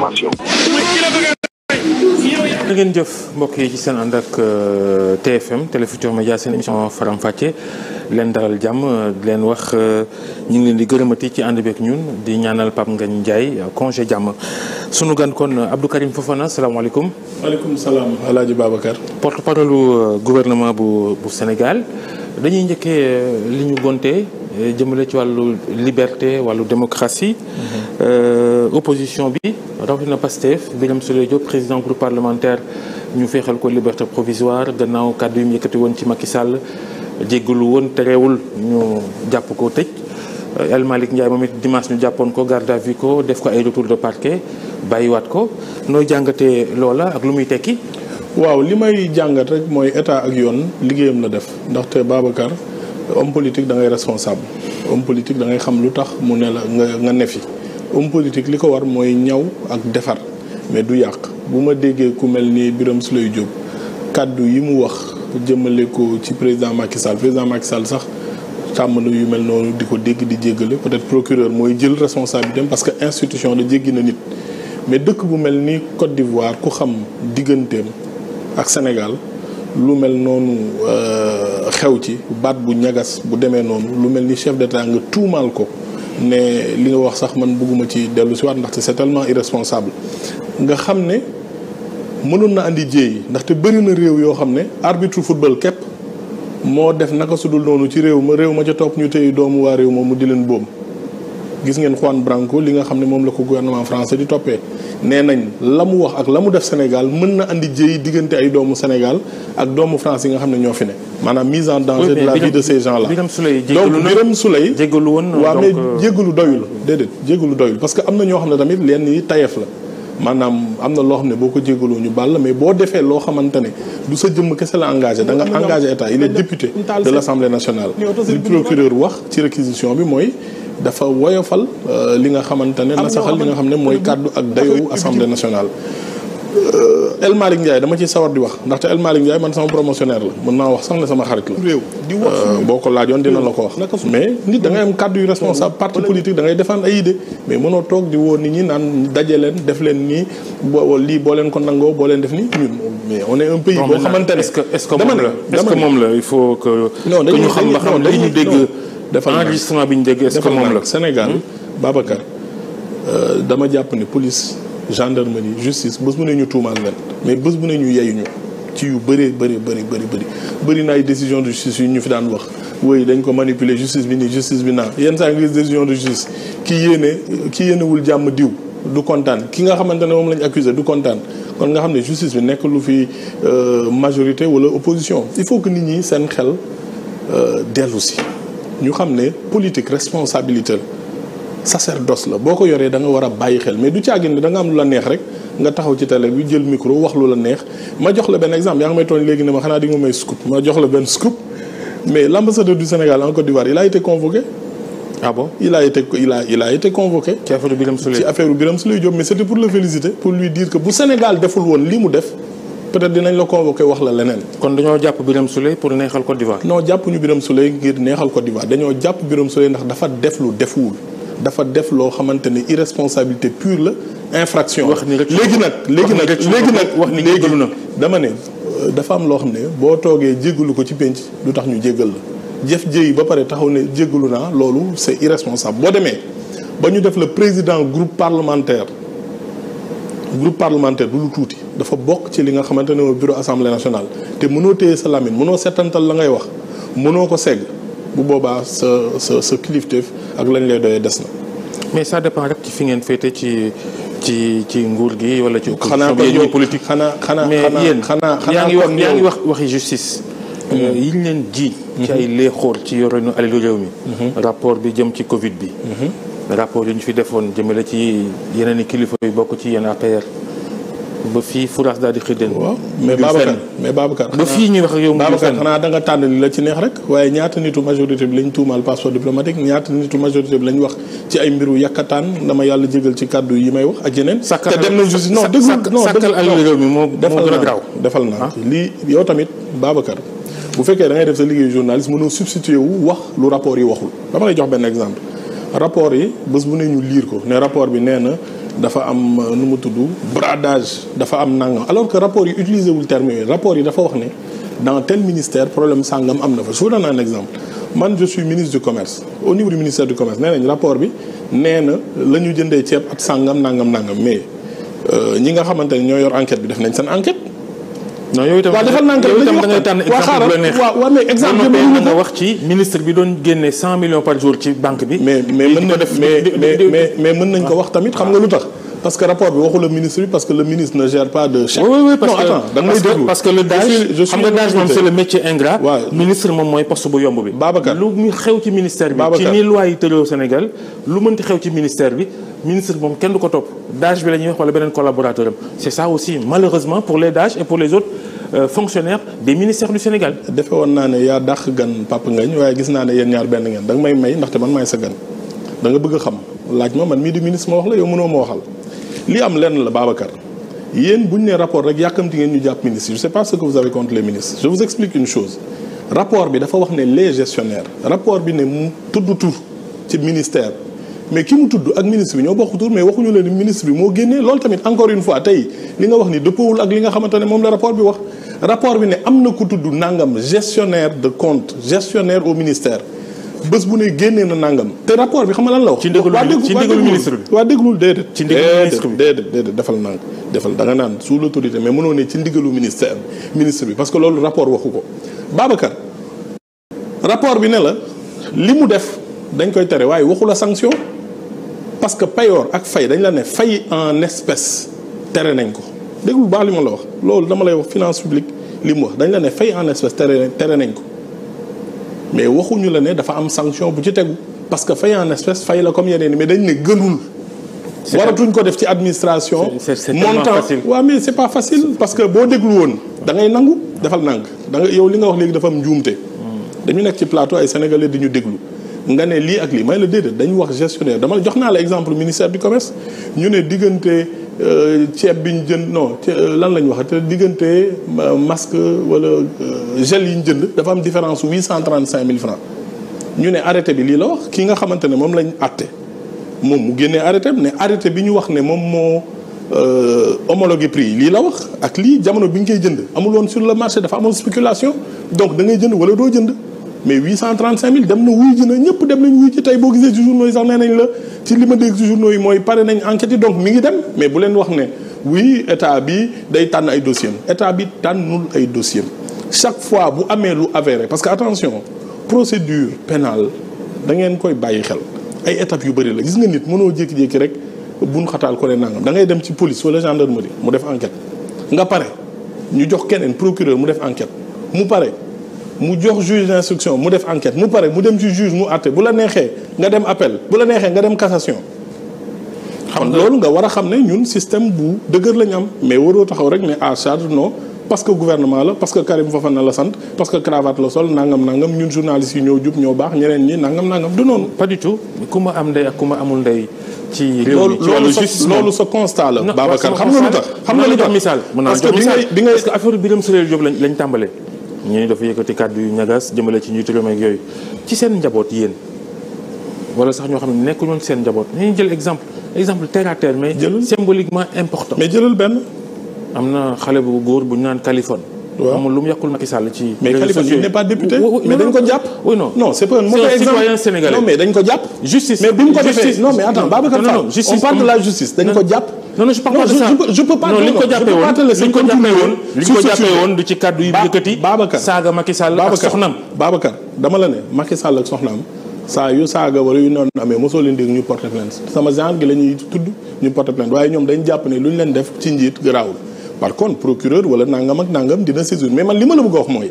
information. na jëf mbokk yi ci seen ànd ak euh, TFM Télé Futurs Médias seen émission faram leen dalal jàmm leen wax euh, ñu ngi leen di gërëmati ci ànd beeg ñun di ñaanal Pape nga Ndiaye euh, congé jàmm sunu gan kon Abdou Karim Fofana salaamaaleykum. maaleykum salaam El Hadj bu bu Sénégal dañuy njëkkee li ñu gontee Euh, jëmmale ci wàllu liberté wàllu démocratie euh, opposition bi rawatina Pastef Birame Souleye Diop président groupe parlementaire ñu féexal ko liberté provisoire gannaaw kàddu yi mu woon ci Macky Sall jéggalu woon terewul ñu jàpp ko tëj euh, El Malick Ndiaye moom it dimanche ñu jàppoon ko garde ko def ko ay retour de parquet bàyyiwaat ko nooy jàngate loola ak lu muy tekki waaw li may jàngat rek mooy état ak yoon liggéeyam la def ndaxte Babacar homme politique da ngay responsable homme politique da ngay xam lu tax mu ne la nga nga ne fi homme politique li ko war mooy ñaw ak defar mais du yàq bu ma déggee ku mel ni Birame Souleye Diop kàddu yi mu wax jëmale ko ci président Macky Sall président Macky sax tàmm yu mel noonu di ko dégg di jéggale peut-être procureur mooy jël responsabilité parce que institution da jéggi na nit mais dëkk bu mel nii Côte d'Ivoire ku xam digganteem ak Sénégal lu mel noonu euh, xew ci baat bu ñagas bu demee noonu lu mel ni chef de d'état nga tuumaal ko ne li nga wax sax man bëgguma ci dellu si waat ndaxte c'est tellement irresponsable nga xam ne mënoon na indi jéey ndaxte bëri na réew yoo xam ne arbitre football képp moo def naka sudul noonu ci réew ma réew ma ca topp ñu tey doomu waa réew moom mu di leen boom gis ngeen Juan Branco li nga xam ne moom la ko gouvernement français di toppee nee nañ la mu wax ak la mu def Sénégal mën na andi jéey diggante ay doomu Sénégal ak doomu France yi nga xam ne ñoo fi ne maanaam mise en danger de la vie de ces gens là donc Birame Souleye jégalu woon waaw mais euh, jégalu doyul déedéet parce que am na ñoo xam ne tamit leen yi tayeef la maanaam am na loo xam ne boo ko jégaloo ñu bàll mais boo defee loo xamante ne du sa jëm kese la engagé da nga engagé état il est député de l'Assemblée wax ci réquisition bi mooy dafa woyofal euh, li nga xamante ne nasaxal li nga xam ne mooy kaddu ak dayoowu assemblée nationale euh, El Malick Ndiaye dama ciy sawar di wax ndaxte El Malick Ndiaye man sama promotionnaire la mën naa wax sax ne sama xarit la. réew di wax euh, boo ko laajoon dina la ko wax. mais nit da ngay am kàddu yu responsable parti politique da ngay défendre ay mais mënoo toog di woo nit ñi naan daje leen def leen nii boo lii boo leen ko nangoo boo leen def nii ñun. mais on est un pays boo xamante ne. est-ce que moom la est xam ba xam dañuy dégg. defal enregistrement bi ñu dégg est-ce que moom la Sénégal hmm? Babacar euh, dama jàpp ne police gendarmerie justice bés bu ne ñu tuumaal leen mais bés bu ne ñu yeyuñu ci yu bëree bëri bëri bëri bëri bëri na ay décision de justice yu ñu fi daan wax woy dañ ko manipuler justice bi nii justice bi naa yenn saa ngi décision de justice ki yéene ki yéenewul jàmm diw du kontaan ki nga xamante ne moom lañ accusé du kontaan kon nga xam ne justice bi nekk lu fi euh, majorité wala opposition il faut que nit ñi seen xel euh, dellu si ñu xam ne politique responsabilité la sacerdoce la boo ko yoree da nga war a bàyyi xel mais du caagin ne da nga am lu la neex rek nga taxaw ci télé bi jël micro wax lu la neex ma jox la benn exemple yaa ngi may tooñ léegi ne ma xanaa di nga may scoop ma jox la benn du Sénégal en Côte d'Ivoire il a été convoqué. ah bon a été a a été convoqué. ci affaire Birame Souleye ci affaire Birame Souleye Diop mais c' était pour le féliciter pour lui dire que bu Sénégal deful woon li mu def. peut-être dinañ la convoqué wax la leneen. kon dañoo jàpp Birame Souleye pour neexal Côte d'Ivoire. non jàppuñu Birame Souleye ngir neexal Côte d'Ivoire dañoo jàpp Birame Souleye ndax dafa def lu defuwul dafa def loo xamante ni irresponsabilité pure la infraction. wax ni rek léegi nag léegi nag léegi nag wax ni jégalu na dama ne dafa am loo xam ne boo toogee jégalu ko ci pénc lu tax ñu jégal la jëf jëyi ba pare taxaw ne jégalu naa loolu c'est irresponsable boo demee ba ñu def la président groupe parlementaire groupe parlementaire tuuti. dafa bokk ci li nga xamante ne bureau assemblée nationale te mënoo téye sa lamine mënoo setantal la ngay wax mënoo ko segg bu boobaa sa sa sa kilifteef ak lañ lay doyee des na. mais sa dépend rek ci fi ngeen féete ci ci ci nguur gi wala ci. xanaa kon politique xanaa xanaa xanaa xanaa yaa ngi wax yaa ngi wax waxi justice. Euh, yi ñu leen ji. ci ay mhm. léexoor ci yorenu alalu réew mi. Mhm. rapport bi jëm ci Covid bi. Mhm. rapport yi ñu ci yeneen i kilifa yu bokk ci yenn APR. ba fii fouraas daal di xëddeen. waaw mais Babacar mais Babacar. ba fii xanaa da nga tànn li la ci neex rek waaye ñaata nitu majorité bi lañ tuumaal passeport diplomatique ñaata nitu majorité bi lañ wax ci ay mbiru yakkataan dama yàlla jégal ci kàddu yi may wax ak yeneen. te dem na justice non déglu non a defal naa ah. lii yow tamit Babacar bu fekkee da ngay def sa liggéeyu journaliste mënoo substitué wu wax lu rapport yi waxul dama lay jox benn exemple rapport yi bés bu ne ñu liir ko ne rapport bi nee na dafa am euh, nu mu tudd bradage dafa am nangam alors que rapport yi utilisé wul terme yooyu rapport yi dafa wax ne dans tel ministère problème sàngam am na fa je vous donne un exemple man je suis ministre du commerce au niveau du ministère du commerce nee rapport bi nee na la ñu jëndee ceeb at sàngam nangam nangam mais euh, ñi nga xamante ne ñoo yor enquête bi def nañ seen enquête non yow itam da ngay tànn exemple bu nga wax ci ministre bi doon génne 100 millions par jour ci banque bi. mais mais mën nañ ko def mais mais mais mën nañ ko wax tamit xam nga lu tax. parce que rapport bi waxul le ministre bi parce que le ministre ne gère pas de chèque. oui oui parce non, que attends, da nga moom mooy poste bu yomb bi. Babacar lu muy xew ci ministère bi. ci ni loi yi tëjoo Sénégal lu mënti xew ci ministère bi ministre moom kenn du ko topp DAGE bi la ñuy wax wala beneen collaborateur am c'est ça aussi malheureusement pour les DAGE et pour les autres. Euh, fonctionnaire des du Sénégal. defe woon naa ne yaa dàq gan Papa gis naa ne yéen ñaar benn ngeen da nga may may ndaxte man maay sa laaj mii di ministre ma wax li am lenn la Babacar yéen bu ñu nee rapport rek yàkkamti ngeen ñu jàpp ministre je sais pas que vous avez contre les ministres je vous explique une chose rapport bi dafa wax ne les gestionnaires rapport bi ne mu tudd tur ci ministère mais ki mu tudd ak ministre bi ñoo bokk tur mais waxuñu leen ni ministre bi moo génnee loolu tamit encore une fois tey li nga wax ni dëppawul ak li nga xamante ne moom la rapport bi wax rapport bi ne am na ku tudd nangam gestionnaire de compte gestionnaire au ministère bés bu ne génnee na nangam. te rapport bi xam nga lan la wax. ci ndigalu ministre bi waa déggul déedéet. ci ndigalu ministre bi déedéet déedéet defal nang defal da nga naan sous l' autorité mais mënoo ne ci ndigalu ministère ministre bi parce que loolu rapport waxu ko. Babacar rapport bi ne la li mu def dañ koy tere waaye waxu la sanction parce que payoor ak fay dañ la ne fay en espèce tere nañ ko déggul baax li ma la wax loolu dama lay wax finance publique li mu wax dañ la ne fay en espèce tere tere nañ ko. mais waxuñu la ne dafa am sanction bu ci tegu parce que fay en espèce fay la comme yeneen mais dañ ne gënul. waratuñ ko def ci administration. montant waaw mais c'est pas facile. parce que boo déglu woon da ngay nangu defal nang da nga yow li nga wax léegi dafa am njuumte. Hmm. dañu nekk ci plateau ay sénégalais di ñu déglu. nga ne lii ak lii may la déedéet dañu wax gestionnaire dama jox naa la exemple ministère du commerce ñu ne diggante Euh, ceeb bi ñu jënd non euh, lan la ñu wax te diggante masque wala euh, gel yi ñu jënd dafa am différence huit cent trente cinq mille francs ñu ne arrêté bi lii la wax ki nga xamante ne moom lañu àtte moom mu génnee arrêté bi ne arrêté bi ñu wax ne moom moo homologué prix yi lii la wax ak lii jamono bi ñu koy jënd amul woon sur le marché dafa amoon spéculation donc da ngay jënd wala doo jënd. mais 835000 dem na wuy ji na ñëpp dem nañ wuy ji tey boo gisee ci journaux sax nee la ci li ma dégg ci journaux mooy pare nañ enquête yi donc mi ngi dem mais bu leen wax ne oui état bi day tànn ay dossiers état bi tànnul ay dossiers chaque fois bu amee lu avéré parce que attention procédure pénale da ngeen koy bàyyi xel ay étapes yu bëri la gis nga nit mënoo jékki-jékki rek buñ xataal ko ne nangam da ngay dem ci police wala gendarmerie mu def enquête nga pare ñu jox keneen procureur mu def enquête mu pare. mu jox juge d'instruction mu def enquête mu pare mu dem ci juge mu àtte bu la neexee nga dem appel bu la neexee nga dem cassation. xam loolu nga war a xam ne ñun système bu dëgër lañ am mais waroo taxaw rek ne à charge non parce que gouvernement la parce que Karim Fofana la sant parce que cravate la sol nangam nangam ñun journalistes yi ñoo baax ñeneen ñi nangam nangam du noonu. pas du tout ku ma am ndey ak ku ma ci loolu loolu sa constat la. Babacar xam nga lu tax xam nga lu tax misaal. parce bi ngay bi ngay affaire Birame Souleye Diop lañ lañ tàmbalee. ñooñu dafa yëkkati kàddu yu ñagas jëmale ci njiitu réew mi ak yooyu ci seen njaboot yéen wala sax ñoo xam ne nekkuñu woon ci seen njaboot nañu jël exemple exemple terre à terre mais symboliquement important mais jëlal benn am na xale bu góor bu ñu naan Kaliphone waaw lu mu yàqul Macky Sall ci. mais Kaliphone il pas député. mais dañ ko jàpp. oui non non c'est pas exemple dañ ko jàpp. justice mais bi mu ko defee non mais attends Babacar Fall on parle justice dañ ko jàpp. non non je parle pas de ça je peux pas li ko jàppee woon li ko jàppee woon li ko jàppee woon du ci kàddu yu yëkkati. saaga Macky ak soxnaam Babacar dama la ne Macky Sall ak soxnaam saa yu saaga wala yu noonu amee mosoo leen dégg ñu porte plainte sama genre gi la tudd ñu porte plainte waaye ñoom dañ jàpp ne lu ñu leen def ci njiit garaawul par contre procureur wala nangam ak nangam dina saisir mais man li ma la bëgg wax mooy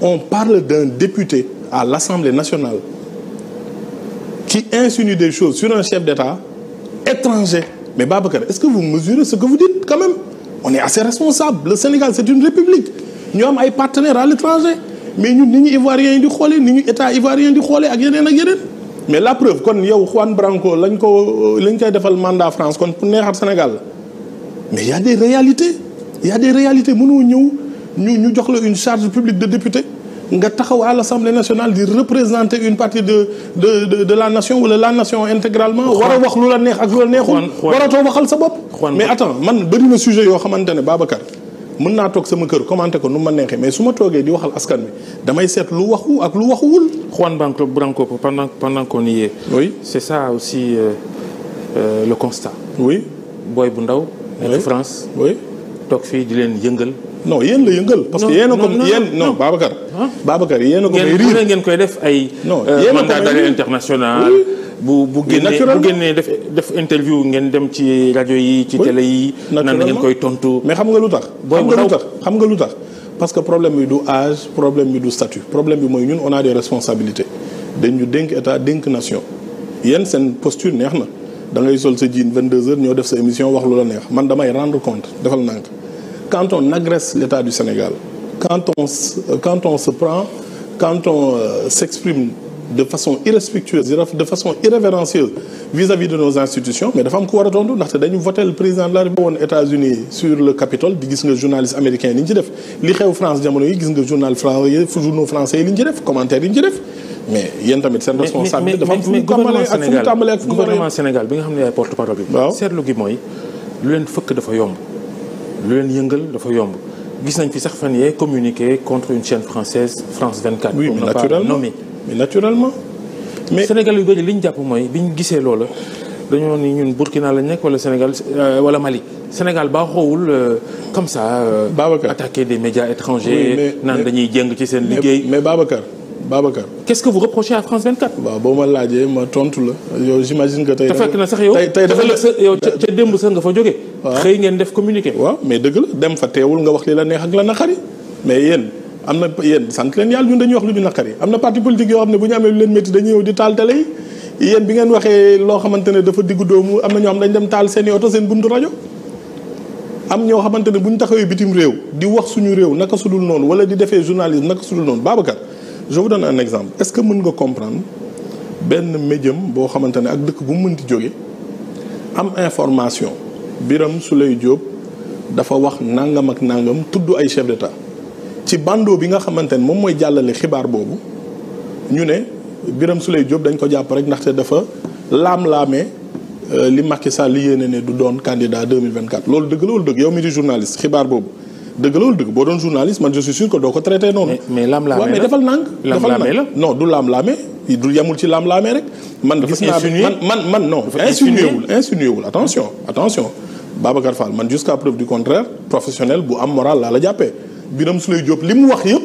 on parle d'un député à l'Assemblée nationale ci insinue des choses sur un chef d'État étranger mais Babacar est-ce que vous mesurez ce que vous dites quand même on est assez responsable le Sénégal c'est une république ñu am ay partenaires à l'étranger mais ñu ni ñu ivoirien yi di xoolee ni ñu état ivoirien di xoole ak yeneen ak yeneen mais la preuve kon yow Juan Branco lañ ko lañ koy defal mandat France kon pour neexal Sénégal la mais y a des réalités ya des réalités mënoo ñëw ñu ñu jox la une charge publique de député nga taxaw à l'Assemblée nationale di représenter une partie de de la nation wala la nation intégralement. war a wax lu la neex ak lu la neexul. waratoo waxal sa bopp. mais attends man bëri na sujet yoo xamante ne Babacar. mën naa toog sama kër commenté ko nu ma neexee mais su ma toogee di waxal askan bi damay seet lu waxu ak lu waxuwul. Juan Branco Branco pendant pendant qu'on y est. oui c'est ça aussi euh, euh, le constat. oui bu ndaw. nekk France. oui toog fii di leen yëngal. non yéen la yëngal. parce que yéen a ko yéen non Babacar. Babacar yéen a ko may riir ngeen koy def ay. non euh, yéen a international. bu bu génnee bu génnee def def interview ngeen dem ci rajo yi ci télé yi. nan ngeen koy tontu. mais xam nga lu tax. xam nga lu tax xam nga lu tax. parce que problème bi du âge problème bi du statut problème bi mooy ñun on a des responsabilités dañu dénk état dénk nation yéen seen posture neex na da ngay sol sa jiin 22h ñoo def sa émission wax lu la neex man damay rendre compte defal nank quand on agresse l'État du Sénégal, quand on, euh, quand on se prend, quand on euh, s'exprime de façon irrespectueuse irrévérencieuse vis-à-vis de nos institutions mais dafa am ku war a tontu ndaxte dañu voté président de la République woon unis sur le Capitole di gis nga journaliste américain li ñu def li xew France jamono yi gis nga journal français yi li ñu def commentaire yi ñu def mais yéen tamit seen responsabilité dafa am fu mu tàmbalee ak fu mu tàmbalee ak gouvernement Sénégal bi bi waaw lu leen yëngal dafa yomb gis nañ fi sax fan yee communiqué contre une chaîne française France 24. oui mais naturellement mais naturellement. mais Sénégal yu bëri li ñu jàpp mooy bi ñu gisee loola dañoo ni ñun Burkina lañ nekk wala Sénégal euh, wala Mali. Sénégal baaxoowul euh, comme ça. Euh, Babacar attaquer des médias étrangers. naan dañuy jëng ci seen liggéey. mais Babacar. Babacar. qu'est-ce que vous reprochez à France 24. waaw boo ma laajee ma tontu la yow j'imagine que tey. te fekk na sax yow tey yow ca démb sax nga fa jóge waaw xëy ngeen def communiqué. waaw mais dëgg la dem fa teewul nga wax li la neex ak la naqari mais yéen am na yéen sant leen yàlla ñun dañuy wax lu ñu naqari am na parti politique yoo xam ne bu ñu amee lu leen métti dañuy ñëw di taal télé yi yéen bi ngeen waxee loo xamante ne dafa diggu doomu am na ñoo xam dañ dem taal seen i oto seen buntu rajo. am ñoo xamante ne bu ñu taxawee bitim réew di wax suñu réew naka sudul noonu wala di defee journalisme naka sudul noonu Babacar je vous donne un exemple est-ce que mën nga comprendre benn médium boo xamante ne ak dëkk bu mu mënti jóge am information Birame Souleye jóob dafa wax nangam ak nangam tudd ay chef d'état ci bandeau bi nga xamante ne moom mooy jàllale xibaar boobu ñu ne Birame Souleye Diop dañ ko jàpp rek ndaxte dafa laam-laamee euh, li Macky Sall li yéene ne du doon candidat loolu dëgg loolu dëgg yow mi di journaliste xibaar boobu dëgg loolu dëgg boo doon journaliste man je suis sûr que doo ko traité noonu. mais laam-laamee la waaw mais defal nànk. laam-laamee la du laam-laamee du yamul ci laam-laamee rek. man gis naa man man man non. insinué wul insinué wul attention attention. Babacar Fall man jusqu'à preuve du contraire professionnel bu am moral laa la jàppee Birame Souleye Diop li mu wax yëpp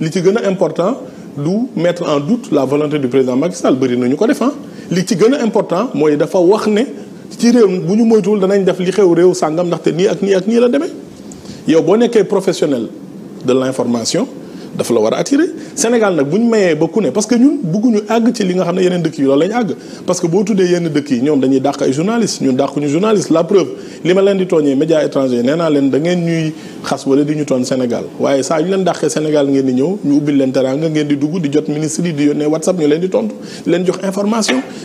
li ci gën a important du mettre en doute la volonté du président Macky Sall bëri na ko def ah. li ci gën a important mooy dafa wax ne ci réew bu ñu moytuwul danañ def li xew réew sàngam ndaxte nii ak nii ak la demee. yow boo nekkee professionnel de l'information dafa la war a attirer Sénégal nag bu ñu mayee ba ku ne parce que ñun bëgguñu àgg ci li nga xam ne yeneen dëkk yi loolu lañu àgg parce que boo tuddee yenn dëkk yi ñoom dañuy dàq ay journalistes ñun dàquñu journaliste la preuve li ma leen di tooñee médias étrangers nee naa leen da ngeen ñuy xas wala di ñu tooñ Sénégal waaye saa yu leen dàqee Sénégal ngeen di ñëw ñu ubbil leen teraanga ngeen di dugg di jot ministre yi di yónnee WhatsApp ñu leen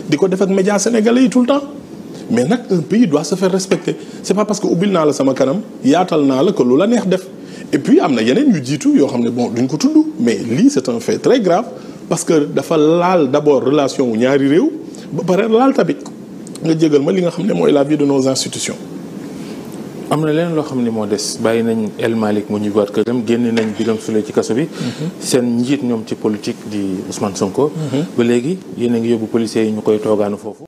di ko def ak médias sénégalais yi mais nag un pays doit se faire respecter c'est pas parce que ubbil naa la sama kanam yaatal naa la ko lu la neex def et puis am na yeneen yu jiitu yoo xam ne boo duñ ko tudd mais lii c'est un fait très grave parce que dafa laal d'abord relation wu ñaari réew ba pare laal tamit nga jégal ma li nga xam ne mooy la vie de nos institutions. am na leneen loo xam ne moo des bàyyi nañ El Malick mu ñibbaat këram génn nañ Birame Souleye ci kaso bi. Mhm. seen njiit ñoom ci politique di Ousmane Sonko. Mhm. ba léegi yéen a ngi yóbbu policiers yi ñu koy toogaanu foofu.